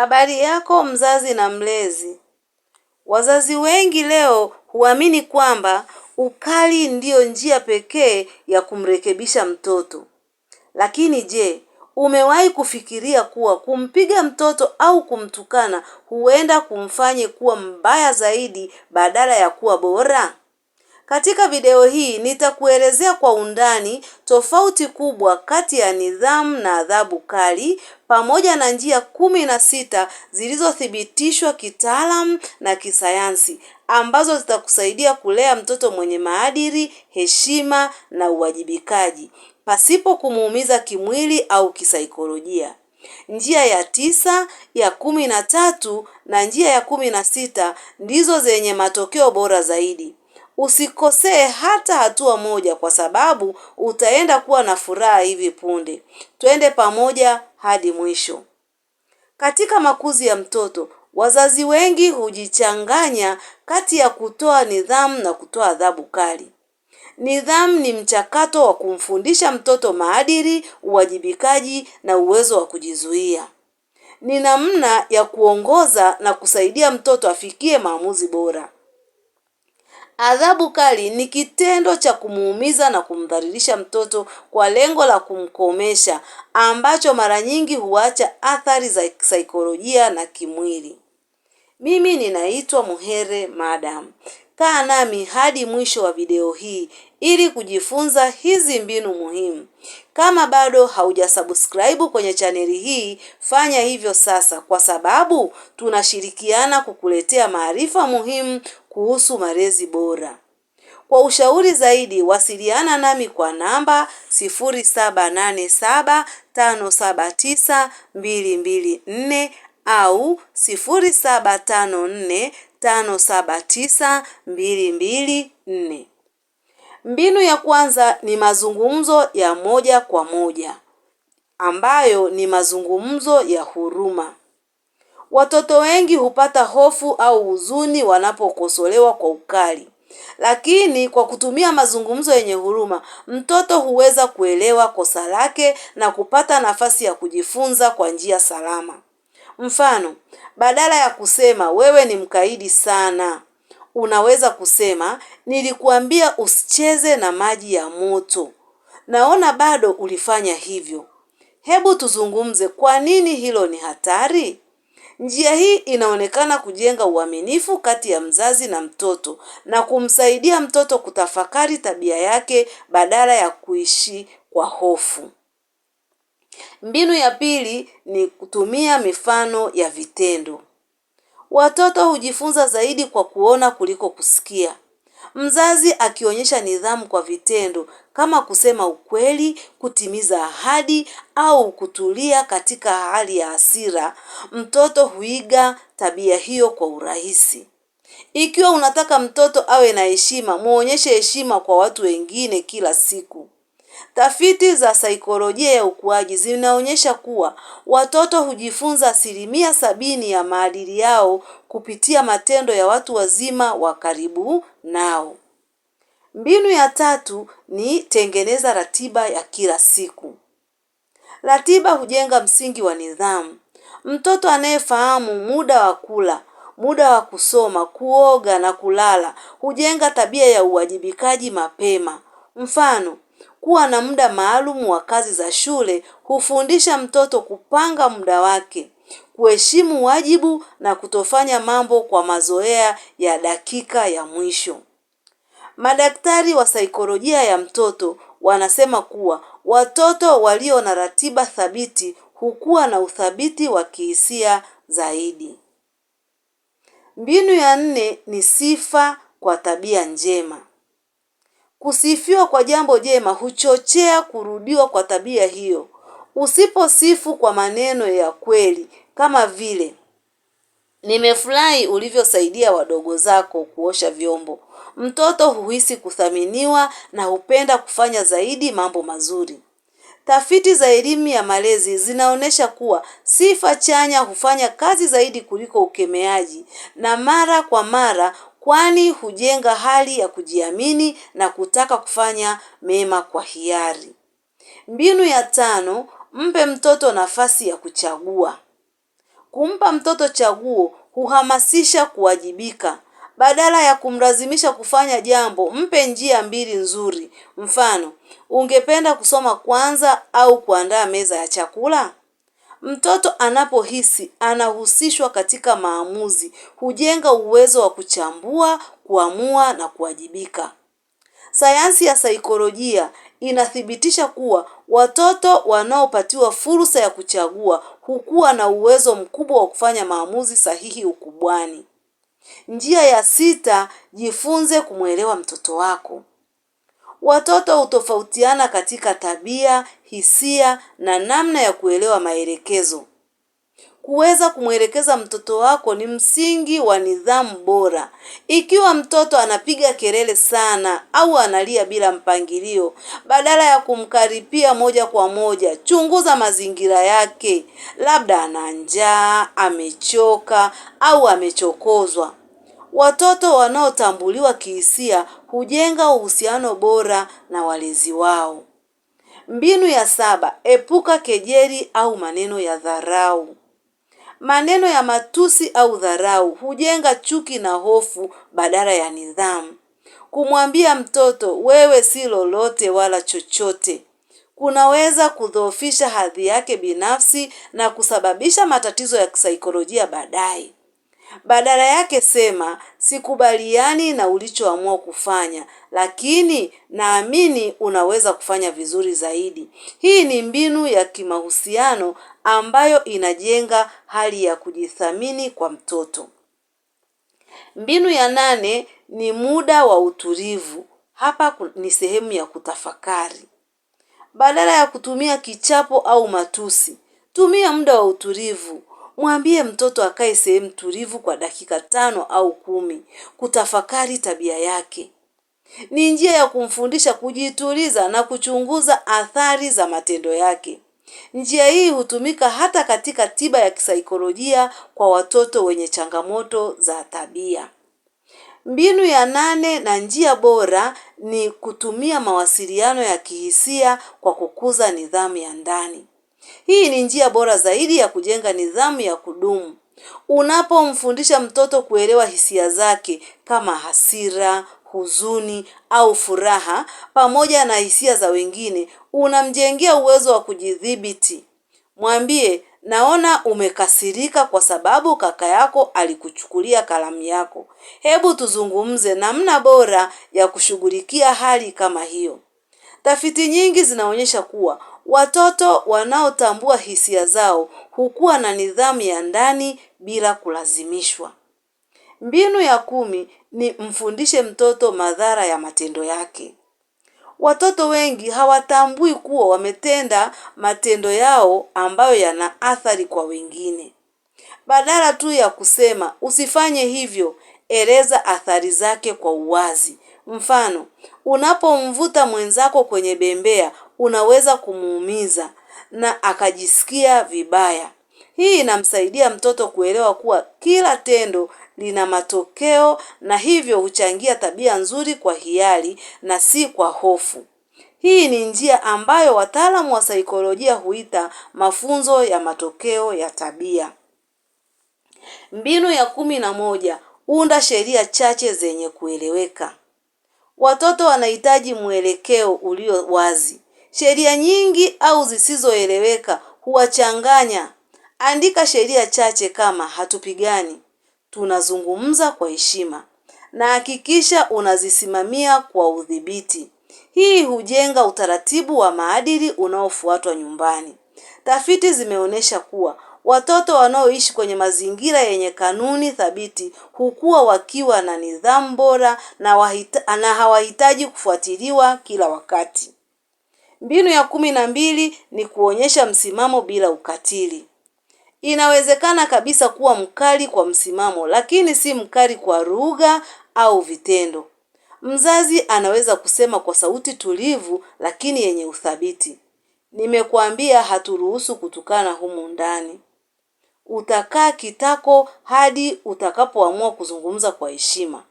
Habari yako mzazi na mlezi. Wazazi wengi leo huamini kwamba ukali ndiyo njia pekee ya kumrekebisha mtoto. Lakini je, umewahi kufikiria kuwa kumpiga mtoto au kumtukana huenda kumfanye kuwa mbaya zaidi badala ya kuwa bora? Katika video hii nitakuelezea kwa undani tofauti kubwa kati ya nidhamu na adhabu kali pamoja na njia kumi na sita zilizothibitishwa kitaalamu na kisayansi ambazo zitakusaidia kulea mtoto mwenye maadili, heshima na uwajibikaji pasipo kumuumiza kimwili au kisaikolojia. Njia ya tisa, ya kumi na tatu na njia ya kumi na sita ndizo zenye matokeo bora zaidi. Usikosee hata hatua moja kwa sababu utaenda kuwa na furaha hivi punde. Twende pamoja hadi mwisho. Katika makuzi ya mtoto, wazazi wengi hujichanganya kati ya kutoa nidhamu na kutoa adhabu kali. Nidhamu ni mchakato wa kumfundisha mtoto maadili, uwajibikaji na uwezo wa kujizuia. Ni namna ya kuongoza na kusaidia mtoto afikie maamuzi bora. Adhabu kali ni kitendo cha kumuumiza na kumdhalilisha mtoto kwa lengo la kumkomesha, ambacho mara nyingi huacha athari za saikolojia na kimwili. Mimi ninaitwa Muhere Madam. Kaa nami hadi mwisho wa video hii ili kujifunza hizi mbinu muhimu. Kama bado haujasubscribe kwenye chaneli hii, fanya hivyo sasa, kwa sababu tunashirikiana kukuletea maarifa muhimu kuhusu malezi bora. Kwa ushauri zaidi wasiliana nami kwa namba 0787579224 au 0754579224. Mbinu ya kwanza ni mazungumzo ya moja kwa moja ambayo ni mazungumzo ya huruma. Watoto wengi hupata hofu au huzuni wanapokosolewa kwa ukali. Lakini kwa kutumia mazungumzo yenye huruma, mtoto huweza kuelewa kosa lake na kupata nafasi ya kujifunza kwa njia salama. Mfano, badala ya kusema wewe ni mkaidi sana, unaweza kusema nilikuambia usicheze na maji ya moto. Naona bado ulifanya hivyo. Hebu tuzungumze kwa nini hilo ni hatari? Njia hii inaonekana kujenga uaminifu kati ya mzazi na mtoto na kumsaidia mtoto kutafakari tabia yake badala ya kuishi kwa hofu. Mbinu ya pili ni kutumia mifano ya vitendo. Watoto hujifunza zaidi kwa kuona kuliko kusikia. Mzazi akionyesha nidhamu kwa vitendo kama kusema ukweli, kutimiza ahadi au kutulia katika hali ya hasira, mtoto huiga tabia hiyo kwa urahisi. Ikiwa unataka mtoto awe na heshima, muonyeshe heshima kwa watu wengine kila siku. Tafiti za saikolojia ya ukuaji zinaonyesha kuwa watoto hujifunza asilimia sabini ya maadili yao kupitia matendo ya watu wazima wa karibu nao. Mbinu ya tatu ni tengeneza ratiba ya kila siku. Ratiba hujenga msingi wa nidhamu. Mtoto anayefahamu muda wa kula, muda wa kusoma, kuoga na kulala, hujenga tabia ya uwajibikaji mapema. Mfano, kuwa na muda maalumu wa kazi za shule hufundisha mtoto kupanga muda wake, kuheshimu wajibu na kutofanya mambo kwa mazoea ya dakika ya mwisho. Madaktari wa saikolojia ya mtoto wanasema kuwa watoto walio na ratiba thabiti hukua na uthabiti wa kihisia zaidi. Mbinu ya nne ni sifa kwa tabia njema. Kusifiwa kwa jambo jema huchochea kurudiwa kwa tabia hiyo. Usiposifu kwa maneno ya kweli kama vile nimefurahi ulivyosaidia wadogo zako kuosha vyombo, mtoto huhisi kuthaminiwa na hupenda kufanya zaidi mambo mazuri. Tafiti za elimu ya malezi zinaonyesha kuwa sifa chanya hufanya kazi zaidi kuliko ukemeaji na mara kwa mara kwani hujenga hali ya kujiamini na kutaka kufanya mema kwa hiari. Mbinu ya tano, mpe mtoto nafasi ya kuchagua. Kumpa mtoto chaguo huhamasisha kuwajibika. Badala ya kumlazimisha kufanya jambo, mpe njia mbili nzuri. Mfano, ungependa kusoma kwanza au kuandaa meza ya chakula? Mtoto anapohisi anahusishwa katika maamuzi, hujenga uwezo wa kuchambua, kuamua na kuwajibika. Sayansi ya saikolojia inathibitisha kuwa watoto wanaopatiwa fursa ya kuchagua hukuwa na uwezo mkubwa wa kufanya maamuzi sahihi ukubwani. Njia ya sita, jifunze kumwelewa mtoto wako. Watoto hutofautiana katika tabia, hisia na namna ya kuelewa maelekezo. Kuweza kumwelekeza mtoto wako ni msingi wa nidhamu bora. Ikiwa mtoto anapiga kelele sana au analia bila mpangilio, badala ya kumkaripia moja kwa moja, chunguza mazingira yake. Labda ana njaa, amechoka au amechokozwa. Watoto wanaotambuliwa kihisia hujenga uhusiano bora na walezi wao. Mbinu ya saba, epuka kejeli au maneno ya dharau. Maneno ya matusi au dharau hujenga chuki na hofu badala ya nidhamu. Kumwambia mtoto wewe si lolote wala chochote kunaweza kudhoofisha hadhi yake binafsi na kusababisha matatizo ya kisaikolojia baadaye. Badala yake sema, sikubaliani na ulichoamua kufanya, lakini naamini unaweza kufanya vizuri zaidi. Hii ni mbinu ya kimahusiano ambayo inajenga hali ya kujithamini kwa mtoto. Mbinu ya nane ni muda wa utulivu. Hapa ni sehemu ya kutafakari. Badala ya kutumia kichapo au matusi, tumia muda wa utulivu. Mwambie mtoto akae sehemu tulivu kwa dakika tano au kumi kutafakari tabia yake. Ni njia ya kumfundisha kujituliza na kuchunguza athari za matendo yake. Njia hii hutumika hata katika tiba ya kisaikolojia kwa watoto wenye changamoto za tabia. Mbinu ya nane na njia bora ni kutumia mawasiliano ya kihisia kwa kukuza nidhamu ya ndani. Hii ni njia bora zaidi ya kujenga nidhamu ya kudumu. Unapomfundisha mtoto kuelewa hisia zake kama hasira, huzuni au furaha pamoja na hisia za wengine, unamjengea uwezo wa kujidhibiti. Mwambie, naona umekasirika kwa sababu kaka yako alikuchukulia kalamu yako. Hebu tuzungumze namna bora ya kushughulikia hali kama hiyo. Tafiti nyingi zinaonyesha kuwa Watoto wanaotambua hisia zao hukuwa na nidhamu ya ndani bila kulazimishwa. Mbinu ya kumi ni mfundishe mtoto madhara ya matendo yake. Watoto wengi hawatambui kuwa wametenda matendo yao ambayo yana athari kwa wengine. Badala tu ya kusema usifanye hivyo, eleza athari zake kwa uwazi. Mfano, unapomvuta mwenzako kwenye bembea, unaweza kumuumiza na akajisikia vibaya. Hii inamsaidia mtoto kuelewa kuwa kila tendo lina matokeo na hivyo huchangia tabia nzuri kwa hiari na si kwa hofu. Hii ni njia ambayo wataalamu wa saikolojia huita mafunzo ya matokeo ya tabia. Mbinu ya kumi na moja, unda sheria chache zenye kueleweka. Watoto wanahitaji mwelekeo ulio wazi. Sheria nyingi au zisizoeleweka huwachanganya. Andika sheria chache kama hatupigani, tunazungumza kwa heshima na hakikisha unazisimamia kwa udhibiti. Hii hujenga utaratibu wa maadili unaofuatwa nyumbani. Tafiti zimeonyesha kuwa watoto wanaoishi kwenye mazingira yenye kanuni thabiti hukua wakiwa na nidhamu bora na hawahitaji kufuatiliwa kila wakati. Mbinu ya kumi na mbili ni kuonyesha msimamo bila ukatili. Inawezekana kabisa kuwa mkali kwa msimamo, lakini si mkali kwa lugha au vitendo. Mzazi anaweza kusema kwa sauti tulivu lakini yenye uthabiti, nimekuambia haturuhusu kutukana humu ndani. Utakaa kitako hadi utakapoamua kuzungumza kwa heshima.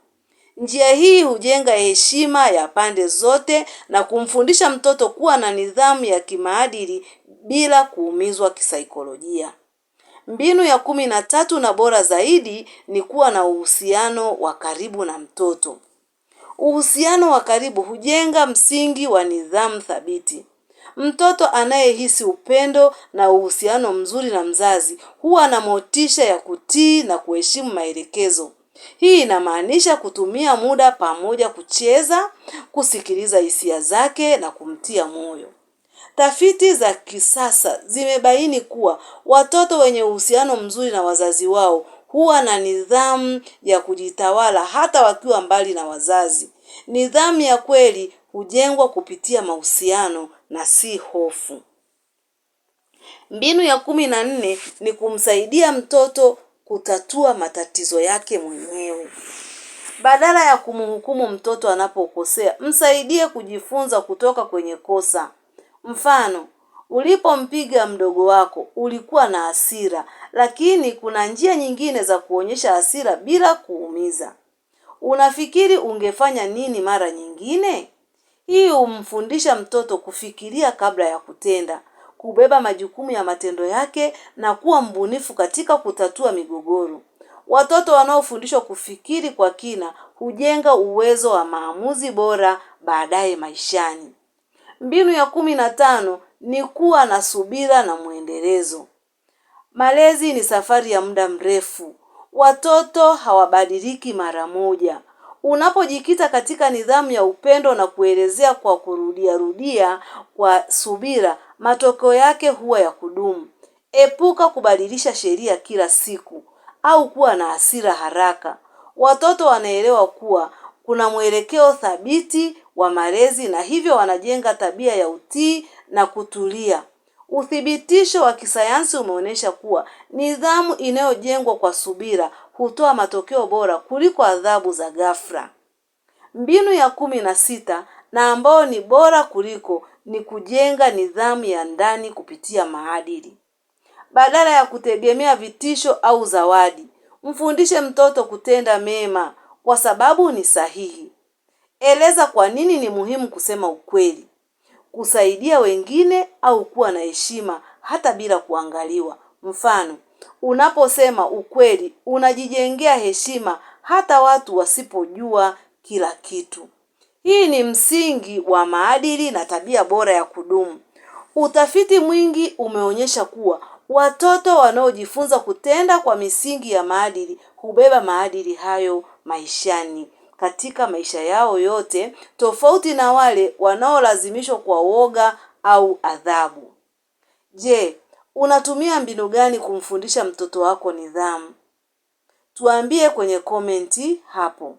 Njia hii hujenga heshima ya pande zote na kumfundisha mtoto kuwa na nidhamu ya kimaadili bila kuumizwa kisaikolojia. Mbinu ya kumi na tatu na bora zaidi ni kuwa na uhusiano wa karibu na mtoto. Uhusiano wa karibu hujenga msingi wa nidhamu thabiti. Mtoto anayehisi upendo na uhusiano mzuri na mzazi huwa na motisha ya kutii na kuheshimu maelekezo. Hii inamaanisha kutumia muda pamoja kucheza, kusikiliza hisia zake na kumtia moyo. Tafiti za kisasa zimebaini kuwa watoto wenye uhusiano mzuri na wazazi wao huwa na nidhamu ya kujitawala hata wakiwa mbali na wazazi. Nidhamu ya kweli hujengwa kupitia mahusiano na si hofu. Mbinu ya kumi na nne ni kumsaidia mtoto kutatua matatizo yake mwenyewe. Badala ya kumhukumu mtoto anapokosea, msaidie kujifunza kutoka kwenye kosa. Mfano, ulipompiga mdogo wako ulikuwa na hasira, lakini kuna njia nyingine za kuonyesha hasira bila kuumiza. Unafikiri ungefanya nini mara nyingine? Hii humfundisha mtoto kufikiria kabla ya kutenda, kubeba majukumu ya matendo yake na kuwa mbunifu katika kutatua migogoro. Watoto wanaofundishwa kufikiri kwa kina hujenga uwezo wa maamuzi bora baadaye maishani. Mbinu ya kumi na tano ni kuwa na subira na mwendelezo. Malezi ni safari ya muda mrefu. Watoto hawabadiliki mara moja. Unapojikita katika nidhamu ya upendo na kuelezea kwa kurudiarudia kwa subira, matokeo yake huwa ya kudumu. Epuka kubadilisha sheria kila siku au kuwa na hasira haraka. Watoto wanaelewa kuwa kuna mwelekeo thabiti wa malezi na hivyo wanajenga tabia ya utii na kutulia. Uthibitisho wa kisayansi umeonyesha kuwa nidhamu inayojengwa kwa subira hutoa matokeo bora kuliko adhabu za ghafla. Mbinu ya kumi na sita na ambayo ni bora kuliko ni kujenga nidhamu ya ndani kupitia maadili. Badala ya kutegemea vitisho au zawadi, mfundishe mtoto kutenda mema kwa sababu ni sahihi. Eleza kwa nini ni muhimu kusema ukweli, kusaidia wengine au kuwa na heshima hata bila kuangaliwa. Mfano, Unaposema ukweli, unajijengea heshima hata watu wasipojua kila kitu. Hii ni msingi wa maadili na tabia bora ya kudumu. Utafiti mwingi umeonyesha kuwa watoto wanaojifunza kutenda kwa misingi ya maadili hubeba maadili hayo maishani katika maisha yao yote, tofauti na wale wanaolazimishwa kwa woga au adhabu. Je, Unatumia mbinu gani kumfundisha mtoto wako nidhamu? Tuambie kwenye komenti hapo.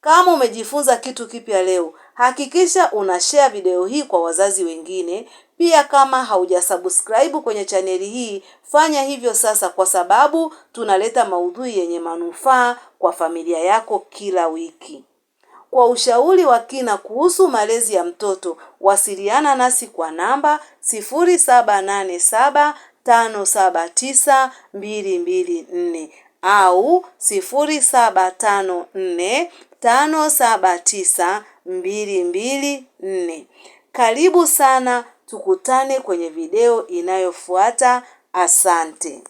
Kama umejifunza kitu kipya leo, hakikisha unashare video hii kwa wazazi wengine. Pia kama haujasubscribe kwenye chaneli hii, fanya hivyo sasa kwa sababu tunaleta maudhui yenye manufaa kwa familia yako kila wiki. Kwa ushauri wa kina kuhusu malezi ya mtoto, wasiliana nasi kwa namba 0787579224 au 0754579224. Karibu sana, tukutane kwenye video inayofuata. Asante.